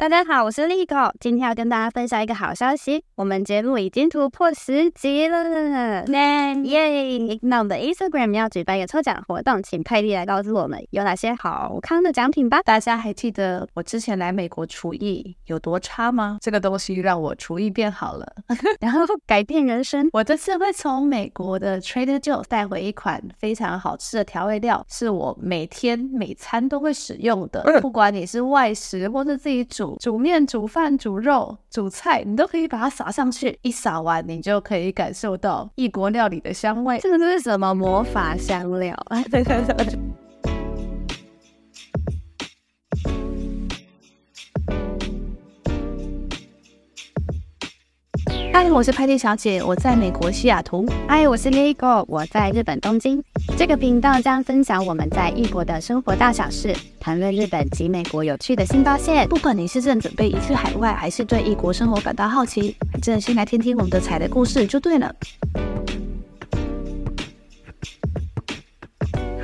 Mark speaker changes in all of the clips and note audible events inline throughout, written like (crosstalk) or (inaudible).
Speaker 1: 大家好，我是 Lico 今天要跟大家分享一個好消息，我們節目已經突破十集了，耶那我的 Instagram 要舉辦一個抽獎活動，請派蒂來告訴我們有哪些好康的獎品吧。大家還記得我之前來美國廚藝有多差嗎？這個東西讓我廚藝變好了， (laughs) 然後改變人生。 (laughs) 我這次會從美國的 Trader Joe 帶回一款非常好吃的調味料，是我每天每餐都會使用的，呃、不管你是外食或是自己煮。煮麵、煮飯、煮肉、煮菜，你都可以把它撒上去，一撒完，你就可以感受到異國料理的香味。這個就是什麼魔法香料？ (laughs) (laughs) 嗨，我是派蒂小姐，我在美國西雅圖。嗨，我是梨梨口，我在日本東京。這個頻道將分享我們在異國的生活大小事，談論日本及美國有趣的新發現。不管你是正準備移居海外，還是對異國生活感到好奇，反正先來聽聽我們的踩雷故事就對了。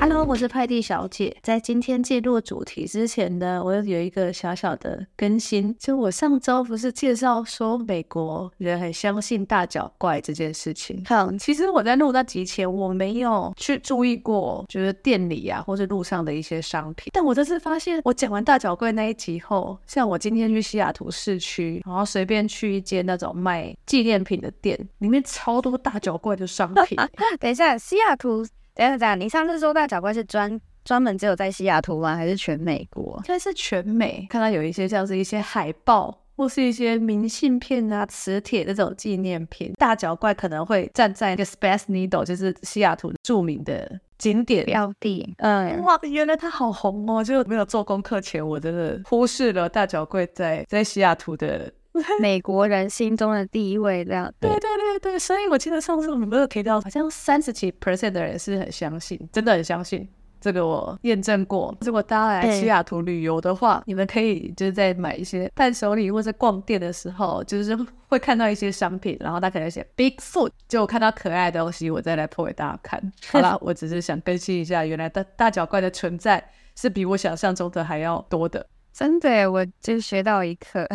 Speaker 1: Hello，我是派蒂小姐。在今天進入主題之前呢，我有一個小小的更新。就我上周不是介紹說美國人很相信大腳怪這件事情？好、嗯，其實我在錄那集前我沒有去注意過，就是店裡啊或是路上的一些商品。但我這次發現，我講完大腳怪那一集後，像我今天去西雅圖市區，然後隨便去一間那種賣紀念品的店，裡面超多大腳怪的商品。 (laughs) 等一下，西雅圖。等等等，你上次說大腳怪是專專門只有在西雅圖玩，還是全美國？這、就是全美，看到有一些像是一些海報或是一些明信片啊、磁鐵這種紀念品。大腳怪可能會站在一個 Space Needle，就是西雅圖著名的景點標地。嗯，哇，原來它好紅哦！就沒有做功課前，我真的忽視了大腳怪在在西雅圖的。 (laughs) 美國人心中的第一位這樣，對對對對，所以我記得上次我們沒有提到，好像三十幾 percent 的人是很相信，真的很相信這個我驗證過，如果大家來西雅圖旅遊的話，你們可以就是在買一些伴手禮，或者逛店的時候，就是會看到一些商品，然後他可能寫 Bigfoot，就看到可愛的東西，我再來 po 給大家看。好啦， (laughs) 我只是想更新一下，原來大大腳怪的存在是比我想象中的還要多的。真的，我就學到一課。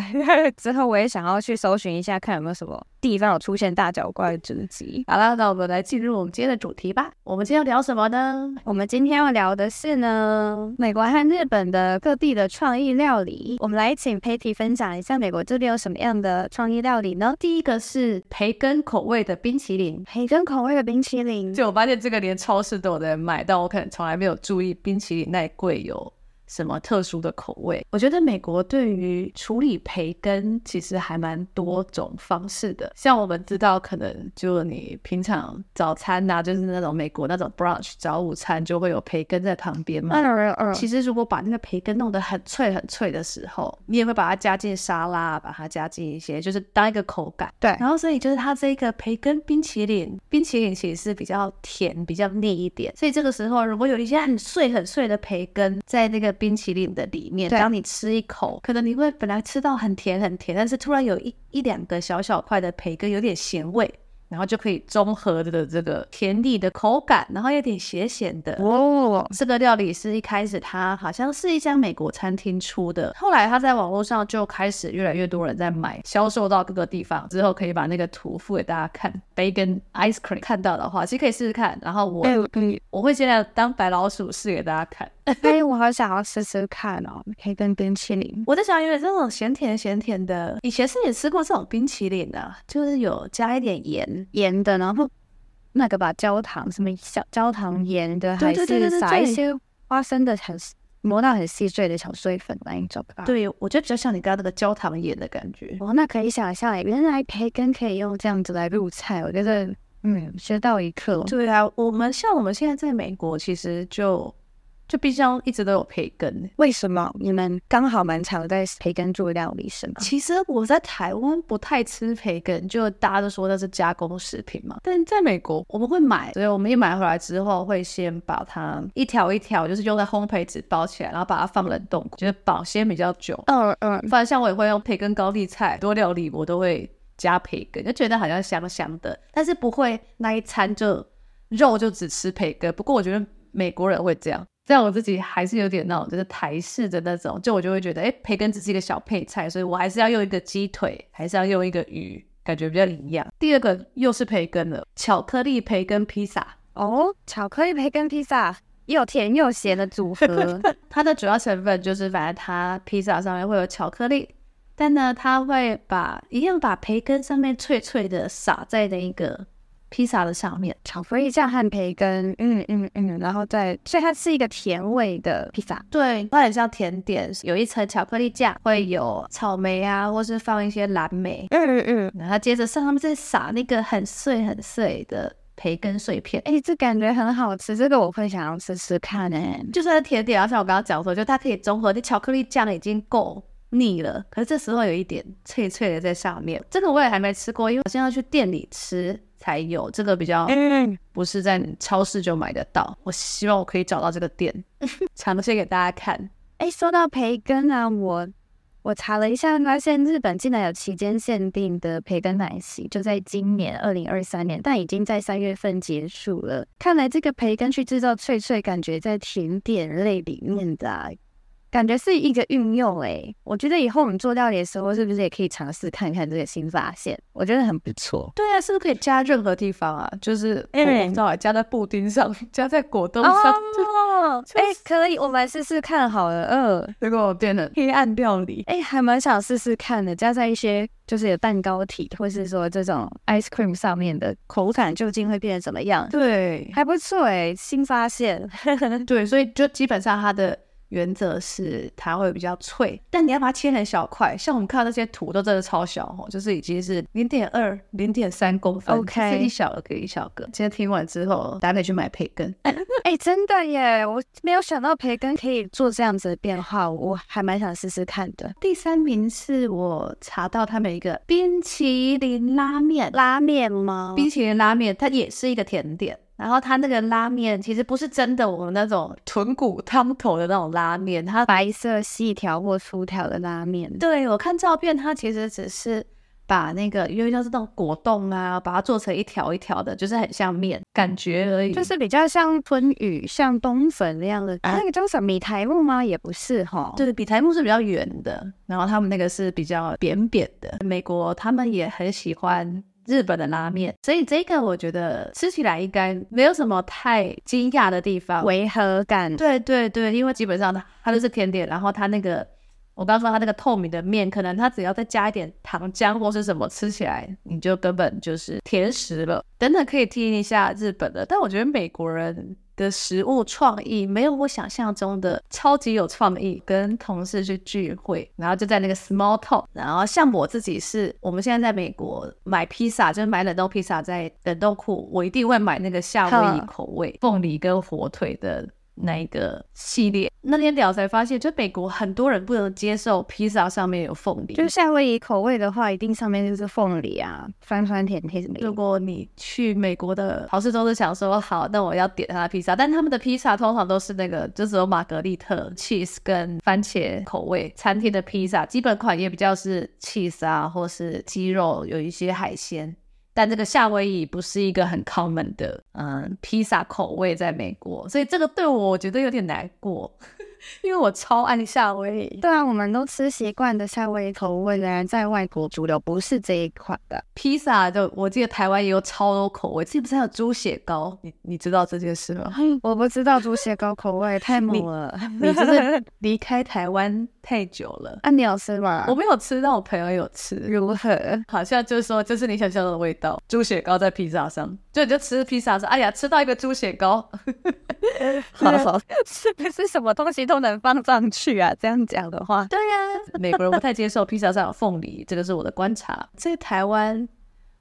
Speaker 1: 之後我也想要去搜尋一下，看有沒有什麼地方有出現大腳怪之機。好了，那我們來進入我們今天的主題吧。我們今天要聊什麼呢？我們今天要聊的是呢，美國和日本的各地的創意料理。我們來請 Patty 分享一下美國這邊有什麼樣的創意料理呢？第一個是培根口味的冰淇淋。培根口味的冰淇淋，就我發現這個連超市都有得買，但我可能從來沒有注意冰淇淋那貴有什麼特殊的口味？我覺得美國對於處理培根其實還蠻多種方式的。像我們知道，可能就你平常早餐吶、啊，就是那種美國那種 brunch 早午餐就會有培根在旁邊嘛。Er, er, er, 其實如果把那個培根弄得很脆很脆的時候，你也會把它加進沙拉，把它加進一些，就是當一個口感。對。然後所以就是它這個培根冰淇淋，冰淇淋其實是比較甜、比較膩一點。所以這個時候如果有一些很碎很碎的培根在那個。冰淇淋的裡面，當你吃一口，可能你會本來吃到很甜很甜，但是突然有一一兩個小小塊的培根有點鹹味，然後就可以中和的這個甜膩的口感，然後有點鹹鹹的哦。哇哇哇哇，這個料理是一開始它好像是一家美國餐廳出的，後來它在網絡上就開始越來越多人在買，銷售到各個地方之後，可以把那個圖附給大家看。培根 ice cream 看到的話，其實可以試試看，然後我、欸、我可以我會盡量當白老鼠試給大家看。哎、 (laughs) 欸，我好想要試試看哦，培根冰淇淋。我在想，有點這種鹹甜鹹甜的。以前是你吃過這種冰淇淋的，啊，就是有加一點鹽鹽的，然後那個吧，焦糖什麼小焦糖鹽的，嗯，還是撒一些花生的很，很磨到很細碎的小碎粉你知道吧？對，我覺得比較像你剛剛那個焦糖鹽的感覺。哦，那可以想象，原來培根可以用這樣子來入菜。我覺得，嗯，學到一課。對啊，我們像我們現在在美國，其實就。就冰箱一直都有培根，為什麼你們剛好蠻常在培根做料理是嗎？其實我在台灣不太吃培根，就大家都說那是加工食品嘛。但在美國我們會買，所以我們一買回來之後會先把它一條一條就是用在烘焙紙包起來，然後把它放冷凍，就是保鮮比較久。嗯嗯，反正像我也會用培根高麗菜多料理，我都會加培根，就覺得好像香香的。但是不會那一餐就肉就只吃培根，不過我覺得美國人會這樣。像我自己還是有點那種，就是台式的那種，就我就會覺得，哎、欸，培根只是一個小配菜，所以我還是要用一個雞腿，還是要用一個魚，感覺比較營養。第二個又是培根了，巧克力培根披薩哦，巧克力培根披薩，又甜又鹹的組合。 (laughs) 它的主要成分就是，反正它披薩上面會有巧克力，但呢，它會把一樣把培根上面脆脆的撒在的、那、一個。披薩的上面，巧克力醬和培根，嗯嗯嗯，嗯，然後再。所以它是一個甜味的披薩，對，它很像甜點，有一層巧克力醬，會有草莓啊，或是放一些藍莓，嗯嗯嗯，然後接着上他們再撒那個很碎很碎的培根碎片，哎，這感覺很好吃，這個我會想要吃吃看呢。就算是甜點，像我剛剛講說，就它可以綜合，那巧克力醬已經夠膩了，可是這時候有一點脆脆的在上面，這個我也還沒吃過，因為我現在要去店裡吃。才有這個比較，不是在超市就買得到。我希望我可以找到這個店，呈現給大家看。哎、欸，說到培根啊，我我查了一下，發現在日本竟然有期間限定的培根奶昔，就在今年二零二三年，但已經在三月份結束了。看來這個培根去制造脆脆感覺，在甜點類裡面的、啊。感覺是一個運用。哎、欸，我覺得以後我們做料理的時候，是不是也可以嘗試看看這個新發現？我覺得很不，不錯。對啊，是不是可以加任何地方啊？就是我們正啊，加在布丁上，加在果凍上。哦，哎、欸，可以，我們來試試看好了。嗯，這個我變了黑暗料理，哎、欸，還蠻想試試看的。加在一些就是有蛋糕體，或是說這種 ice cream 上面的口感，究竟會變成怎麼樣？對，還不錯。哎、欸，新發現。對，所以就基本上它的。原則是它會比較脆，但你要把它切很小塊。像我們看到這些圖都真的超小哦，就是已經是零點二、零點三公分，okay. 是一小個一小個，今天聽完之後，打算去買培根。哎、 (laughs) 欸，真的耶，我沒有想到培根可以做這樣子的變化，我還蠻想試試看的。第三名是我查到他們一個冰淇淋拉麵，拉麵嗎？冰淇淋拉麵，它也是一個甜點。然後它那個拉麵其實不是真的我們那種豚骨湯頭的那種拉麵，它白色細條或粗條的拉麵。對，我看照片，它其實只是把那個因為像是那種果凍啊，把它做成一條一條的，就是很像麵感覺而已，就是比較像春雨、像冬粉那樣的。啊、那個叫什麼米苔目嗎？也不是哈，對的，米苔目是比較圓的，然後他們那個是比較扁扁的。美國他們也很喜歡日本的拉麵，所以這個我覺得吃起來應該沒有什麼太驚訝的地方、違和感。對對對，因為基本上它它都是甜點，然後它那個。我剛說它那個透明的麵，可能它只要再加一點糖漿或是什麼，吃起來你就根本就是甜食了。等等，可以聽一下日本的，但我覺得美國人的食物創意沒有我想象中的超級有創意。跟同事去聚會，然後就在那個 small talk，然後像我自己是，我們現在在美國買披薩，就是買冷凍披薩在冷凍庫，我一定會買那個夏威夷口味，啊、鳳梨跟火腿的。那一個系列，那天聊才發現，就美國很多人不能接受披薩上面有鳳梨，就夏威夷口味的話，一定上面就是鳳梨啊，酸酸甜甜什麼。如果你去美國的好市多，是想說好，那我要點他的披薩，但他們的披薩通常都是那個，就只有瑪格麗特 cheese 跟番茄口味。餐廳的披薩基本款也比較是 cheese 啊，或是雞肉，有一些海鮮。但這個夏威夷不是一個很 common 的，嗯，披薩口味在美國，所以這個對我，我覺得有點難過。因為我超愛夏威夷，對啊，我們都吃習慣的夏威夷口味，竟然在外國主流不是這一款的披薩。Pizza，就我記得台灣也有超多口味，最近不是還有豬血糕？你你知道這件事嗎？ (laughs) 我不知道豬血糕口味太猛了。你就是離開台灣太久了？ (laughs) 啊，你有吃嗎？我沒有吃到，但我朋友有吃。如何？好像就是說，就是你想象的味道。豬血糕在披薩上，就你就吃披薩的時候，哎呀，吃到一個豬血糕， (laughs) 好好，是、啊、 (laughs) 是什麼東西？都能放上去啊！這樣講的話，對呀、啊， (laughs) 美國人不太接受披薩上有鳳梨，這個是我的觀察。在台灣，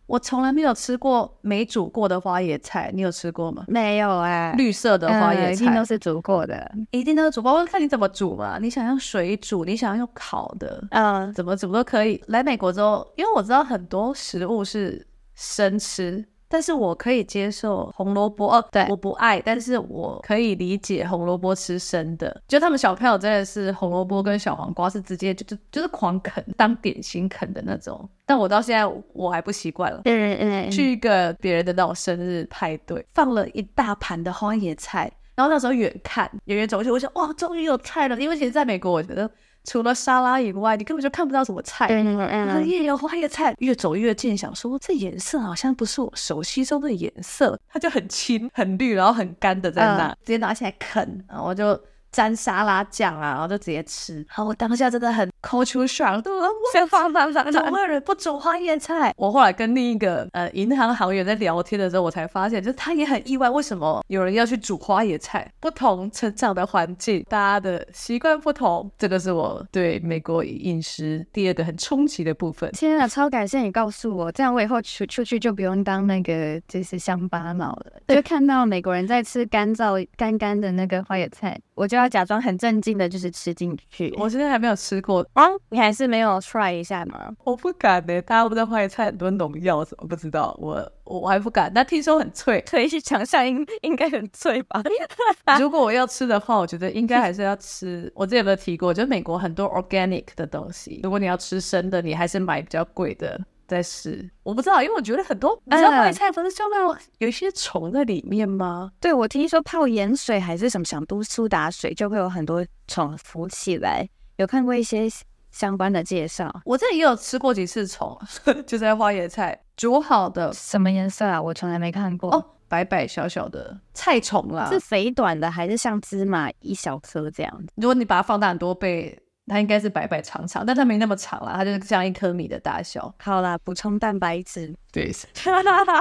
Speaker 1: 我從來沒有吃過沒煮過的花椰菜，你有吃過嗎？沒有哎、欸，綠色的花椰菜、嗯、一定都是煮過的，一定都是煮過。包我看你怎麼煮嘛，你想用水煮，你想要用烤的，嗯，怎麼怎麼都可以。來美國之後，因為我知道很多食物是生吃。但是我可以接受紅蘿蔔哦，對，我不愛，但是我可以理解紅蘿蔔吃生的。就他們小朋友真的是紅蘿蔔跟小黃瓜是直接就就就是狂啃，當點心啃的那種。但我到現在我還不習慣了。嗯嗯嗯、去一個別人的那種生日派對，放了一大盤的花椰菜，然後那時候遠看遠遠走去，我想哇，終於有菜了。因為其實在美國，我覺得。除了沙拉以外，你根本就看不到什麼菜。嗯嗯嗯。還有花椰菜，越走越近，想說這顏色好像不是我熟悉中的顏色，它就很青、很綠，然後很乾的在那，呃、直接拿起來啃。然後我就。沾沙拉醬啊，然後就直接吃。好，我當下真的很 culture shock。 (laughs) 就說我先放放放麼美國人，不煮花椰菜。我後來跟另一個呃銀行行員在聊天的時候，我才發現，就是他也很意外，為什麼有人要去煮花椰菜。不同成長的環境，大家的習慣不同，這個是我對美國飲食第二個很衝擊的部分。天啊，超感謝你告訴我，這樣我以後出出去就不用當那個就是鄉巴佬了。就看到美國人在吃乾燥乾乾的那個花椰菜，我就。要假裝很正經的，就是吃進去。我現在還沒有吃過啊、嗯，你還是沒有 try 一下嗎？我不敢呢、欸，大家不都懷疑菜很多農藥，我，我不知道，我我還不敢。但聽說很脆，可以去嘗下，應應該很脆吧？ (laughs) 如果我要吃的話，我覺得應該還是要吃。 (laughs) 我之前有沒有提過？我覺得美國很多 organic 的東西，如果你要吃生的，你還是買比較貴的。在試，我不知道，因為我覺得很多，你知道花椰菜不、嗯、是上面有一些蟲在裡面嗎？對，我聽說泡鹽水還是什麼，像蘇打水就會有很多蟲浮起來。有看過一些相關的介紹，我這裡也有吃過幾次蟲， (laughs) 就在花椰菜煮好的，什麼顏色啊？我從來沒看過哦，白白小小的菜蟲啦，是肥短的還是像芝麻一小顆這樣子？如果你把它放大很多倍，它應該是白白長長，但它沒那麼長，它就是這樣一顆米的大小。好了，補充蛋白質。對，哈哈哈哈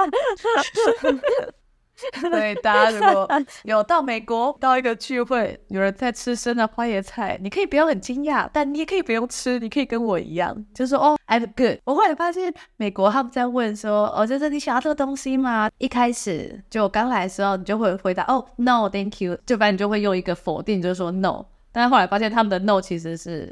Speaker 1: 哈。對，大家如果有到美國到一個聚會，有人在吃生的花椰菜，你可以不要很驚訝，但你也可以不用吃，你可以跟我一樣，就說哦，I'm good。我後來發現美國他們在問說哦，就是你想要這個東西嗎？一開始就我剛來的時候，你就會回答哦，No，Thank you。就反正你就會用一個否定，就說 No。但是後來發現他們的 no 其實是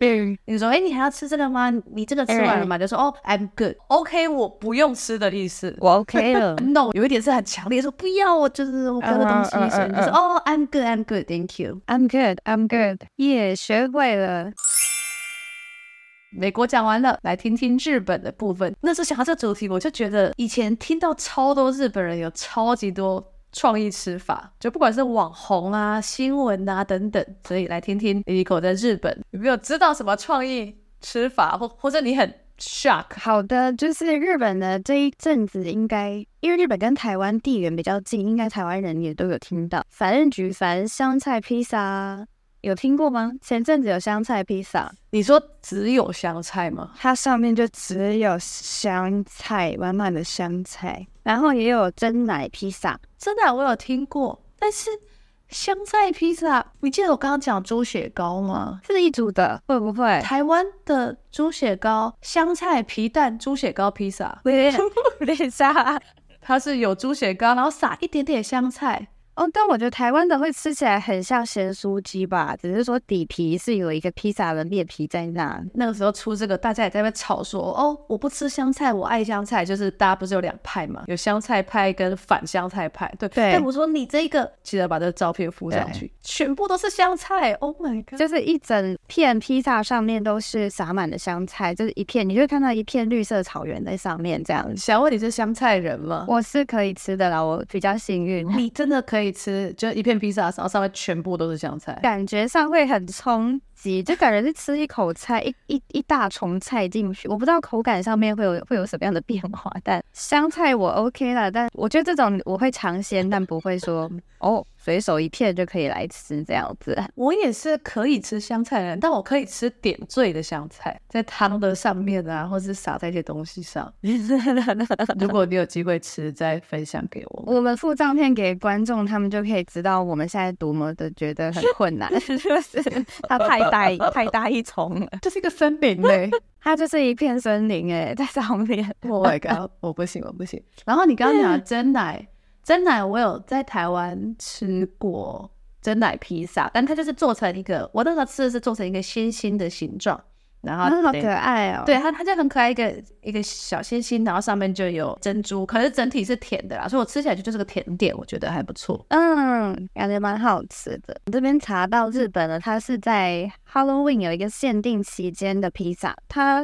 Speaker 1: 你說，哎、欸，你還要吃這個嗎？你這個吃完了嗎？就說，哦，I'm good，OK，、okay, 我不用吃的意思，我 OK 了。 (laughs) no，有一點是很強烈，說不要，我就是我別的東西、uh,，uh, uh, uh, uh. 就是，哦，I'm good，I'm good，Thank you，I'm good，I'm good，也 Yeah 學會了。美國講完了，來聽聽日本的部分。那時候想到這個主題，我就覺得以前聽到超多日本人有超級多。創意吃法，就不管是網紅啊、新聞啊等等，所以來聽聽梨梨口在日本有沒有知道什麼創意吃法，或或者你很 shock。好的，就是日本的這一陣子應該，應該因為日本跟台灣地緣比較近，應該台灣人也都有聽到。蕃人菊、蕃香菜披薩。有聽過嗎？前陣子有香菜披薩，你說只有香菜嗎？它上面就只有香菜，滿滿的香菜，然後也有珍奶披薩。真的，我有聽過，但是香菜披薩，你記得我剛剛講豬血糕嗎？是一組的，會不會台灣的豬血糕香菜皮蛋豬血糕披薩？披 (laughs) 對 (laughs) 它是有豬血糕，然後撒一點點香菜。哦，但我覺得台灣的會吃起來很像鹹酥雞吧，只是說底皮是有一個披薩的面皮在那。那個時候出這個，大家也在那邊吵說，哦，我不吃香菜，我愛香菜，就是大家不是有兩派嘛，有香菜派跟反香菜派。對，對。但我說你這個，記得把這個照片附上去，欸，全部都是香菜。Oh my god，就是一整片披薩上面都是撒滿了香菜，就是一片，你就會看到一片綠色草原在上面這樣。想問你是香菜人嗎？我是可以吃的啦，我比較幸運。你真的可以。吃就一片披薩，然後上面全部都是香菜，感覺上會很衝擊，就感覺是吃一口菜一一一大叢菜進去。我不知道口感上面會有會有什麼樣的變化，但香菜我 OK 了，但我覺得這種我會嘗鮮， (laughs) 但不會說哦。隨手一片就可以來吃這樣子，我也是可以吃香菜的人，但我可以吃點綴的香菜，在湯的上面啊，或是撒在一些東西上。 (laughs) 如果你有機會吃，再分享給我。 (laughs) 我們附照片給觀眾，他們就可以知道我們現在多麼的覺得很困難，就 (laughs) 是，是它太大 (laughs) 太大一叢，這，就是一個森林嘞，欸， (laughs) 它就是一片森林哎，欸，在上面。 (laughs) Oh my god，我不行，我不行。 (laughs) 然後你剛剛講的珍奶。 (laughs) 珍奶，我有在台灣吃過珍奶披薩，但它就是做成一個，我那時候吃的是做成一個星星的形狀，然後。好可愛哦、喔！對它，它就很可愛，一個一個小星星，然後上面就有珍珠，可是整體是甜的啦，所以我吃起來就就是個甜點，我覺得還不錯。嗯，感覺蠻好吃的。我這邊查到日本呢，它是在 Halloween 有一個限定期間的披薩，它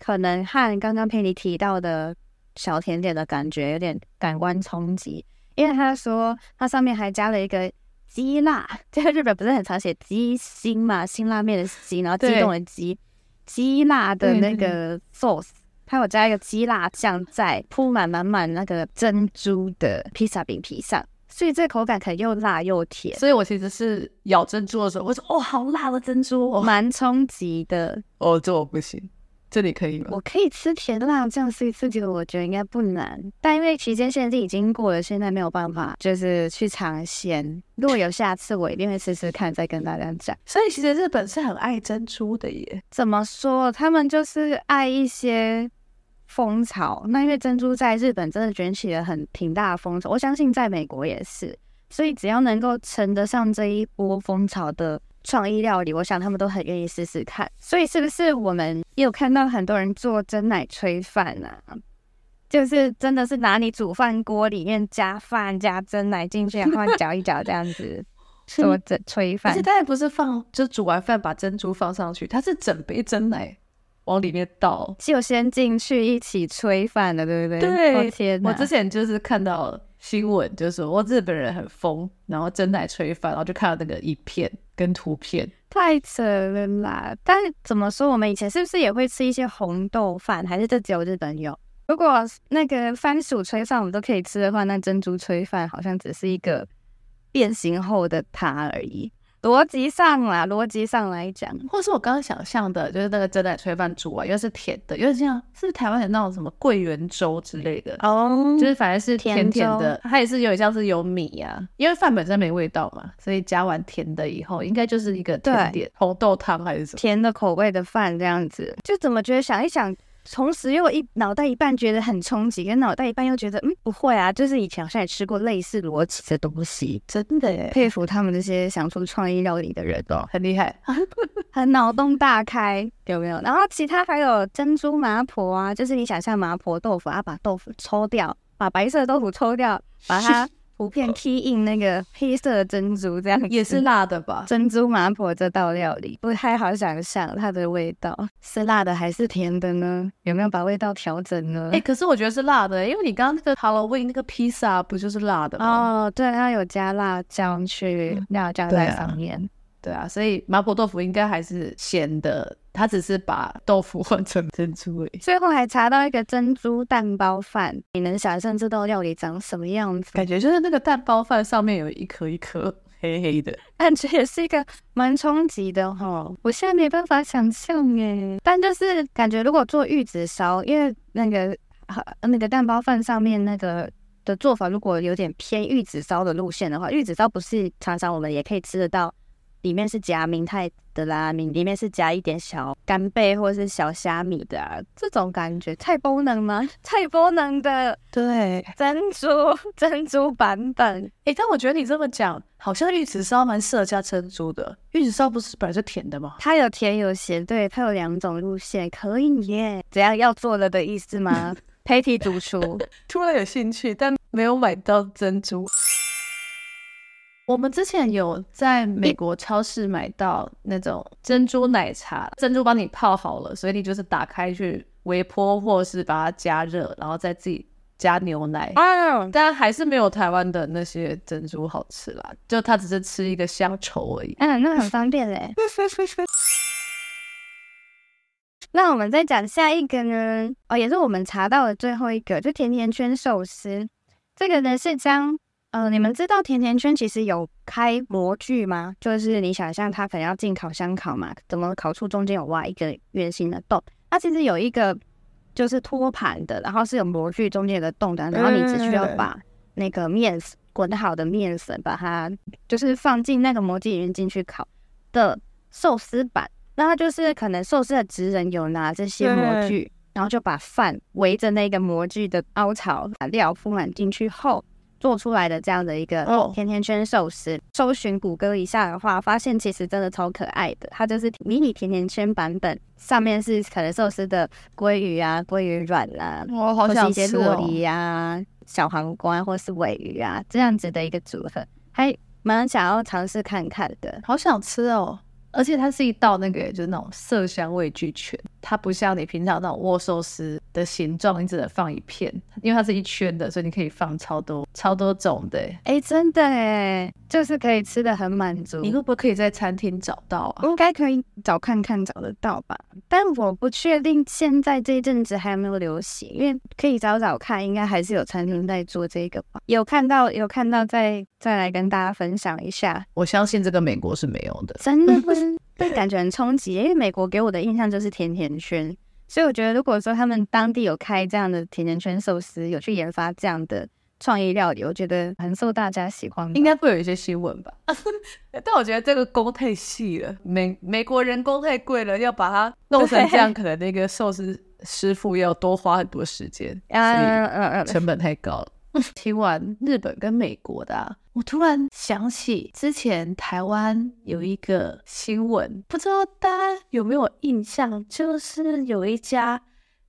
Speaker 1: 可能和剛剛佩妮提到的小甜點的感覺有點感官衝擊。因為他說，他上面還加了一個雞辣，這個日本不是很常寫雞心嘛，辛拉麵的辛，然後雞凍的雞，雞辣的那個 sauce，他有加一個雞辣醬在鋪滿滿滿那個珍珠的披薩餅皮上，所以這個口感可能又辣又甜。所以我其實是咬珍珠的時候，我說哦，好辣的珍珠，我蠻衝擊的。 (laughs) 哦，這我不行。這裡可以嗎？我可以吃甜辣醬，所以這個我覺得應該不難。但因為期間限定已經過了，現在沒有辦法就是去嘗鮮。如果有下次，我一定會試試看，再跟大家講。所以其實日本是很愛珍珠的耶。怎麼說？他們就是愛一些風潮。那因為珍珠在日本真的捲起了很挺大的風潮，我相信在美國也是。所以只要能夠乘得上這一波風潮的創意料理，我想他們都很願意試試看，所以是不是我們也有看到很多人做珍奶炊飯啊？就是真的是拿你煮飯鍋裡面加飯加珍奶進去，然後攪一攪這樣子麼整？ (laughs) 是炊飯。他也不是放，就煮完飯把珍珠放上去，它是整杯珍奶往裡面倒，就先進去一起炊飯的，對不對？對，oh, 天，我之前就是看到了。新聞就是說我日本人很瘋，然後珍奶炊飯，然後就看到那個影片跟圖片，太扯了啦！但是怎麼說，我們以前是不是也會吃一些紅豆飯，還是這只有日本有？如果那個番薯炊飯我們都可以吃的話，那珍珠炊飯好像只是一個變形後的它而已。邏輯上啦，邏輯上來講，或是我剛剛想象的，就是那個珍奶炊飯煮啊，又是甜的，有點像是不是台灣的那種什麼桂圓粥之類的哦，oh, 就是反正是甜甜的甜，它也是有點像是有米呀，啊，因為飯本身沒味道嘛，所以加完甜的以後，應該就是一個甜點，紅豆湯還是什麼甜的口味的飯這樣子，就怎麼覺得想一想。同時，因我一腦袋一半覺得很衝擊，跟腦袋一半又覺得嗯不會啊，就是以前好像也吃過類似邏輯的東西，真的誒佩服他們這些想出創意料理的人、人哦，很厲害， (laughs) 很腦洞大開，有沒有？然後其他還有珍珠麻婆啊，就是你想象麻婆豆腐，它、啊、把豆腐抽掉，把白色的豆腐抽掉，把它。五片 key in 那個黑色的珍珠，這樣子也是辣的吧？珍珠麻婆這道料理不太好想象，它的味道是辣的還是甜的呢？有沒有把味道調整呢？哎、欸，可是我覺得是辣的，因為你剛剛那個 Halloween 那個披薩不就是辣的嗎？哦對，它有加辣醬去辣醬，在上面、嗯對啊。對啊，所以麻婆豆腐應該還是鹹的。他只是把豆腐換成珍珠哎、欸，最後還查到一個珍珠蛋包飯，你能想象這道料理長什麼樣子？感覺就是那個蛋包飯上面有一顆一顆黑黑的，感覺也是一個蠻衝擊的哈、哦。我現在沒辦法想象誒，但就是感覺如果做玉子燒，因為那個那個蛋包飯上面那個的做法，如果有點偏玉子燒的路線的話，玉子燒不是常常我們也可以吃得到。裡面是加明太的拉明，裡面是加一點小乾貝或是小蝦米的、啊，這種感覺太包能嗎？太包能的，對，珍珠珍珠版本。哎、欸，但我覺得你這麼講，好像玉子燒蠻適合加珍珠的。玉子燒不是本來是甜的嗎？它有甜有鹹，對，它有兩種路線，可以耶。怎樣要做了的意思嗎？Patty 讀出， (laughs) 主 (laughs) 突然有興趣，但沒有買到珍珠。我們之前有在美國超市買到那種珍珠奶茶，珍珠幫你泡好了，所以你就是打開去微波或是把它加熱，然後再自己加牛奶。啊，啊啊但還是沒有台灣的那些珍珠好吃啦，就它只是吃一個鄉愁而已。嗯、啊，那個、很方便嘞。 (laughs) 那我們再講下一個呢？哦，也是我們查到的最後一個，就甜甜圈壽司。這個呢是將。呃，你們知道甜甜圈其實有開模具嗎？就是你想象它可能要進烤箱烤嘛，怎麼烤出中間有挖一個圓形的洞？它、啊、其實有一個就是托盤的，然後是有模具，中間有個洞的，然後你只需要把那個麵粉，滾好的麵粉，把它就是放進那個模具裡面進去烤的壽司板。那它就是可能壽司的職人有拿這些模具，對對對，然後就把飯圍着那個模具的凹槽，把料鋪滿進去後，做出來的這樣的一個甜甜圈壽司，oh. 搜尋谷歌一下的話，發現其實真的超可愛的。它就是迷你甜甜圈版本，上面是可能壽司的鮭魚啊、鮭魚卵啦、啊，我、oh, 好像一些酪梨啊小黃瓜或是鮪魚啊這樣子的一個組合，還蠻想要嘗試看看的，好想吃哦。而且它是一道那個，就是那種色香味俱全。它不像你平常那種握壽司的形狀，你只能放一片，因為它是一圈的，所以你可以放超多、超多種的。哎、欸，真的哎，就是可以吃的很滿足。你會不會可以在餐廳找到啊？應、嗯、該可以找看看找得到吧，但我不確定現在這一陣子還有沒有流行，因為可以找找看，應該還是有餐廳在做這個吧。有看到，有看到，再再來跟大家分享一下。我相信這個美國是沒有的，真的不是。 (laughs) 對， (laughs) 感覺很衝擊，因為美國給我的印象就是甜甜圈，所以我覺得如果說他們當地有開這樣的甜甜圈壽司，有去研發這樣的創意料理，我覺得很受大家喜歡，應該會有一些新聞吧。 (laughs) 但我覺得這個工太細了，美美國人工太貴了，要把它弄成這樣， (laughs) 可能那個壽司師傅要多花很多時間， (laughs) 所以成本太高了。 (laughs) 聽完日本跟美國的啊，我突然想起之前台灣有一個新聞，不知道大家有沒有印象？就是有一家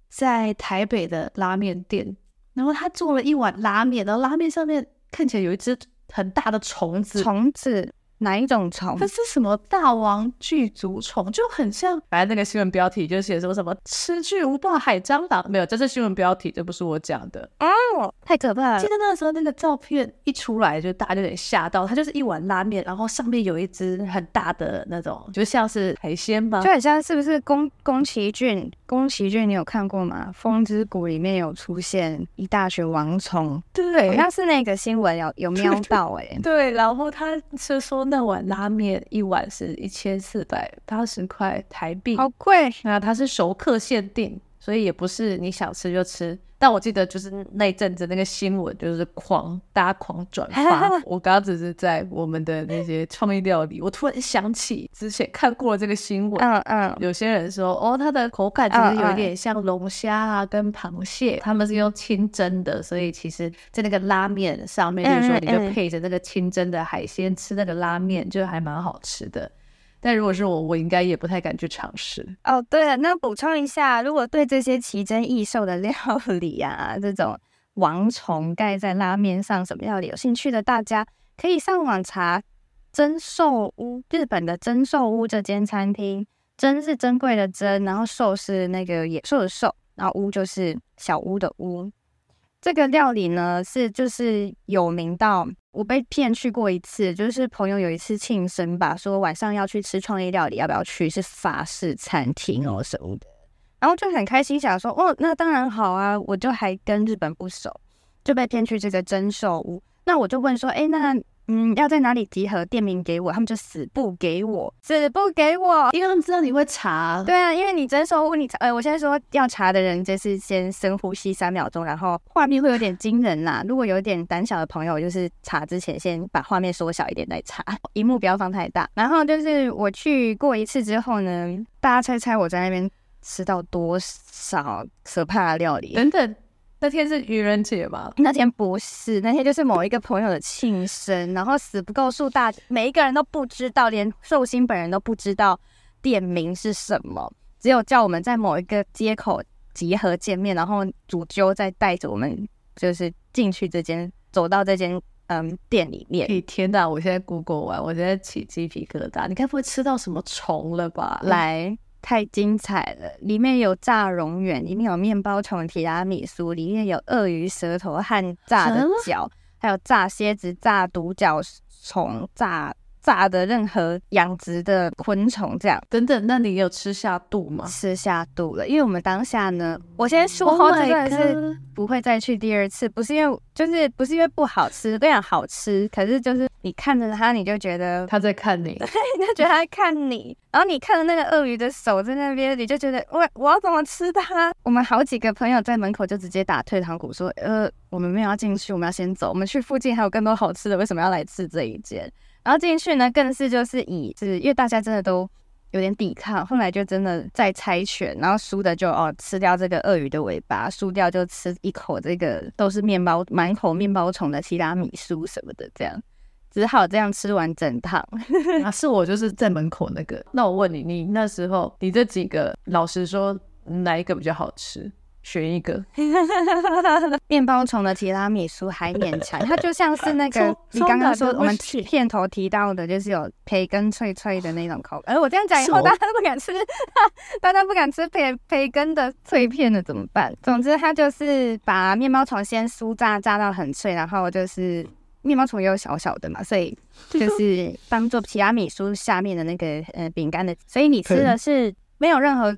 Speaker 1: 在台北的拉麵店，然後他做了一碗拉麵，然後拉麵上面看起來有一隻很大的蟲子。蟲子哪一種蟲？這是什麼大王具足蟲，就很像。反正那個新聞標題就寫說什麼吃巨無霸海蟑螂，沒有，這是新聞標題，這不是我講的。哦、嗯。太可怕了。記得那個時候那個照片一出來，就大家就嚇到。它，就是一碗拉麵，然後上面有一隻很大的那種，就像是海鮮吧。就很像，是不是宮宮崎駿？宮崎駿你有看過嗎？《風之谷》裡面有出現一大群王蟲。對，好像是那個新聞有有瞄到哎、欸。對，對，對，然後他是說。那碗拉麵一碗是一千四百八十塊台幣，好貴。那它是熟客限定，所以也不是你想吃就吃。但我記得就是那一陣子那個新聞就是狂，大家狂轉發。 (laughs) 我剛剛只是在我們的那些創意料理，我突然想起之前看過這個新聞。嗯嗯，有些人說哦，它的口感其實有點像龍蝦啊跟螃蟹，oh, oh. 他們是用清蒸的，所以其實，在那個拉麵上面，mm -hmm. 就是說你就配着那個清蒸的海鮮吃那個拉麵，就還蠻好吃的。但如果是我，我應該也不太敢去嘗試。哦，oh，對了，那補充一下，如果對這些奇珍異獸的料理啊，這種王蟲蓋在拉麵上什麼料理有興趣的，大家可以上網查“珍獸屋”，日本的“珍獸屋”這間餐廳，“珍”是珍貴的“珍”，然後“獸”是那個野獸的“獸”，然後“屋”就是小屋的“屋”。這個料理呢，是就是有名到我被騙去過一次，就是朋友有一次慶生吧，說晚上要去吃創意料理，要不要去？「是法式餐廳哦什麼的，然後就很開心想說，哦，那當然好啊，我就還跟日本不熟，就被騙去這個珍獸屋。那我就問說，哎、欸，那。嗯，要在哪裡集合？店名給我，他們就死不給我，死不給我，因為他們知道你會查。對啊，因為你真收問你查，呃，我現在說要查的人，就是先深呼吸三秒鐘，然後畫面會有點驚人啦。 (laughs) 如果有點膽小的朋友，就是查之前先把畫面縮小一點再查，熒幕不要放太大。然後就是我去過一次之後呢，大家猜猜我在那邊吃到多少可怕的料理？等等。那天是愚人節嗎？那天不是，那天就是某一個朋友的慶生，然後死不夠數大，每一個人都不知道，連壽星本人都不知道店名是什麼，只有叫我們在某一個街口集合見面，然後主揪再帶着我們就是進去這間，走到這間嗯店裡面。哎天哪、啊！我現在 Google 完，我現在起雞皮疙瘩，你該不會吃到什麼蟲了吧？嗯、來。太精彩了！裡面有炸蠑螈，裡面有麵包蟲提拉米蘇，裡面有鱷魚舌頭和炸的腳，還有炸蠍子、炸獨角蟲、炸炸的任何養殖的昆蟲，這樣等等。那你有吃下肚嗎？吃下肚了，因為我們當下呢，我先說，這個是不會再去第二次，oh、不是因為就是不是因為不好吃，非常好吃，可是就是。你看着他，你就覺得他在看你， (laughs) 對，你就覺得他在看你。 (laughs) 然後你看着那個鱷魚的手在那邊，你就覺得我我要怎麼吃它？我們好幾個朋友在門口就直接打退堂鼓，說呃，我們沒有要進去，我們要先走。我們去附近還有更多好吃的，為什麼要來吃這一間？然後進去呢，更是就是以是因為大家真的都有點抵抗，後來就真的在猜拳，然後輸的就哦吃掉這個鱷魚的尾巴，輸掉就吃一口這個都是面包滿口面包蟲的提拉米蘇什麼的，這樣。只好這樣吃完整套。啊！是我就是在門口那個。那我問你，你那時候你這幾個，老實說哪一個比較好吃？選一個。面 (laughs) 包蟲的提拉米蘇還勉強，它就像是那個你剛剛說我們片頭提到的，就是有培根脆脆的那種口感。而、呃、我這樣講以後大家都不敢吃， (laughs) 大家不敢吃培培根的脆片了怎麼辦？總之，它就是把麵包蟲先酥炸，炸到很脆，然後就是。麵包蟲也有小小的嘛，所以就是當做提拉米蘇下面的那個呃餅乾的，所以你吃的是沒有任何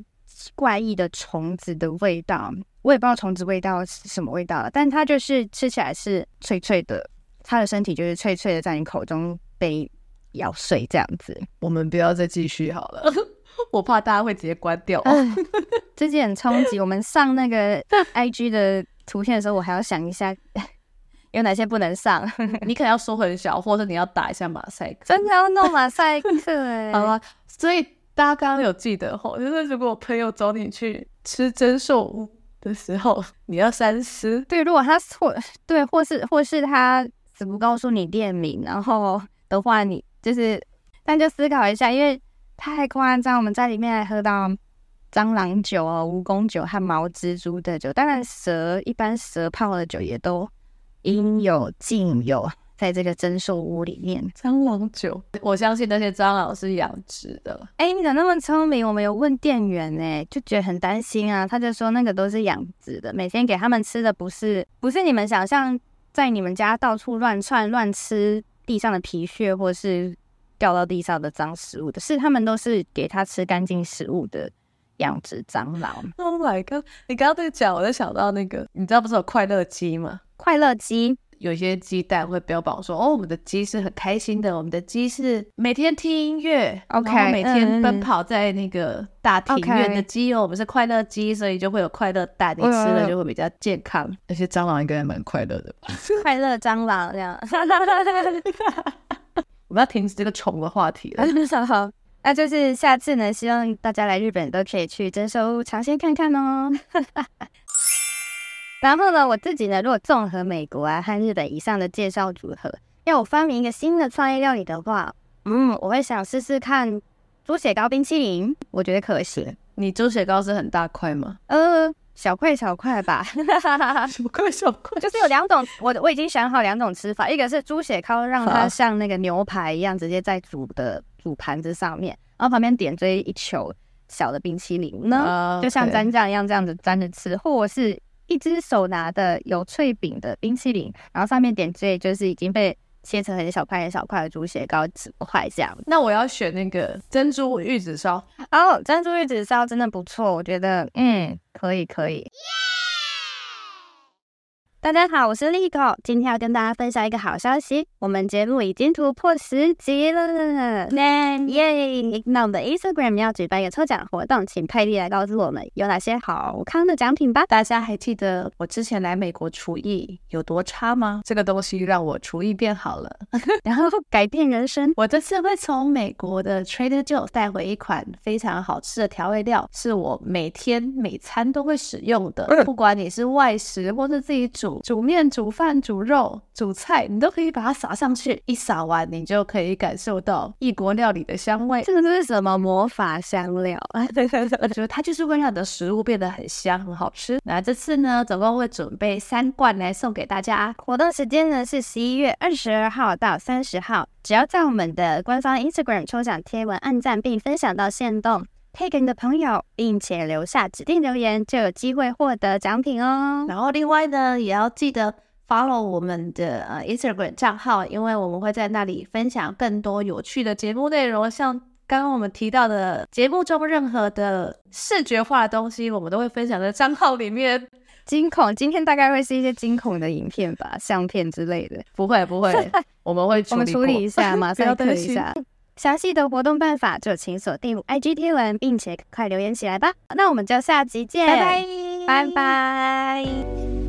Speaker 1: 怪異的蟲子的味道。我也不知道蟲子味道是什麼味道了，但它就是吃起來是脆脆的，它的身體就是脆脆的，在你口中被咬碎這樣子。我們不要再繼續好了， (laughs) 我怕大家會直接關掉哦、呃。哦。最近很衝擊，我們上那個 I G 的圖片的時候，我還要想一下。有哪些不能上？你可能要說很小， (laughs) 或者你要打一下馬賽克，真的要弄馬賽克哎、欸。 (laughs) 好了，所以大家剛剛有記得、哦，吼，就是如果朋友找你去吃珍獸的時候，你要三思。對，如果他錯，對，或是或是他只不告訴你店名，然後的話，你就是那就思考一下，因為太誇張。我們在裡面還喝到蟑螂酒哦、喔、蜈蚣酒和毛蜘蛛的酒，當然蛇一般蛇泡的酒也都。應有盡有，在這個珍獸屋裡面，蟑螂酒。我相信那些蟑螂是養殖的。哎、欸，你怎麼那麼聰明？我沒有問店員呢、欸，就覺得很擔心啊。他就說那個都是養殖的，每天給他們吃的不是不是你們想象在你們家到處亂竄亂吃地上的皮屑或是掉到地上的髒食物的，是他們都是給他吃乾淨食物的養殖蟑螂。Oh my god！你剛剛對講，我就想到那個，你知道不是有快樂雞嗎？快樂雞，有些雞蛋會標榜說，哦，我們的雞是很開心的，我們的雞是每天聽音樂，okay, 然後每天奔跑在那個大庭院的雞哦、嗯，我們是快樂雞，所以就會有快樂蛋，okay. 你吃了就會比較健康。那、哎、些、哎、蟑螂應該還蠻快樂的吧，快樂蟑螂這樣。 (laughs) (laughs) (laughs) 我們要停止這個蟲的話題了。 (laughs) 好，那就是下次呢，希望大家來日本都可以去珍獸屋嘗鮮看看哦。 (laughs) 然後呢，我自己呢，如果綜合美國啊和日本以上的介紹組合，要我發明一個新的創意料理的話，嗯，我會想試試看豬血糕冰淇淋，我覺得可行。你豬血糕是很大塊嗎？呃，小塊小塊吧。 (laughs) 小塊小塊。 (laughs) 就是有兩種，我我已經想好兩種吃法，一個是豬血糕，讓它像那個牛排一樣，直接在煮的煮盤子上面，然後旁邊點綴一球小的冰淇淋呢，uh, 就像蘸醬一樣，這樣子蘸着吃，okay. 或者是。一隻手拿的有脆餅的冰淇淋，然後上面點綴就是已經被切成很小塊、很小塊的豬血糕紙塊這樣。那我要選那個珍珠玉子燒哦，oh, 珍珠玉子燒真的不錯，我覺得嗯，可以可以。大家好，我是 Lico。今天要跟大家分享一個好消息，我們節目已經突破十集了，耶、嗯、耶！那我們的 Instagram 要舉辦一個抽獎活動，請派蒂來告訴我們有哪些好康的獎品吧。大家還記得我之前來美國廚藝有多差嗎？這個東西讓我廚藝變好了， (laughs) 然後改變人生。 (laughs) 我這次會從美國的 Trader Joe 帶回一款非常好吃的調味料，是我每天每餐都會使用的，嗯、不管你是外食或是自己煮。煮麵、煮飯、煮肉、煮菜，你都可以把它撒上去，一撒完，你就可以感受到異國料理的香味。這個就是什麼魔法香料？就 (laughs) (laughs) 它就是會讓你的食物變得很香、很好吃。那這次呢，總共會準備三罐來送給大家。活動時間呢是十一月二十二號到三十號，只要在我們的官方 Instagram 抽獎貼文按讚並分享到限動。可以給你的朋友，並且留下指定留言，就有機會獲得獎品哦。然後另外呢，也要記得 follow 我們的、uh, Instagram 賬號，因為我們會在那裡分享更多有趣的節目內容。像剛剛我們提到的節目中任何的視覺化的東西，我們都會分享在賬號裡面。驚恐，今天大概會是一些驚恐的影片吧，相片之類的。不會，不會， (laughs) 我們會處 (laughs) 我們處理一下，馬上處理一下。 (laughs) 詳細的活動辦法就請鎖定 IG 貼文，並且快留言起來吧！那我們就下集見，拜拜拜拜。Bye bye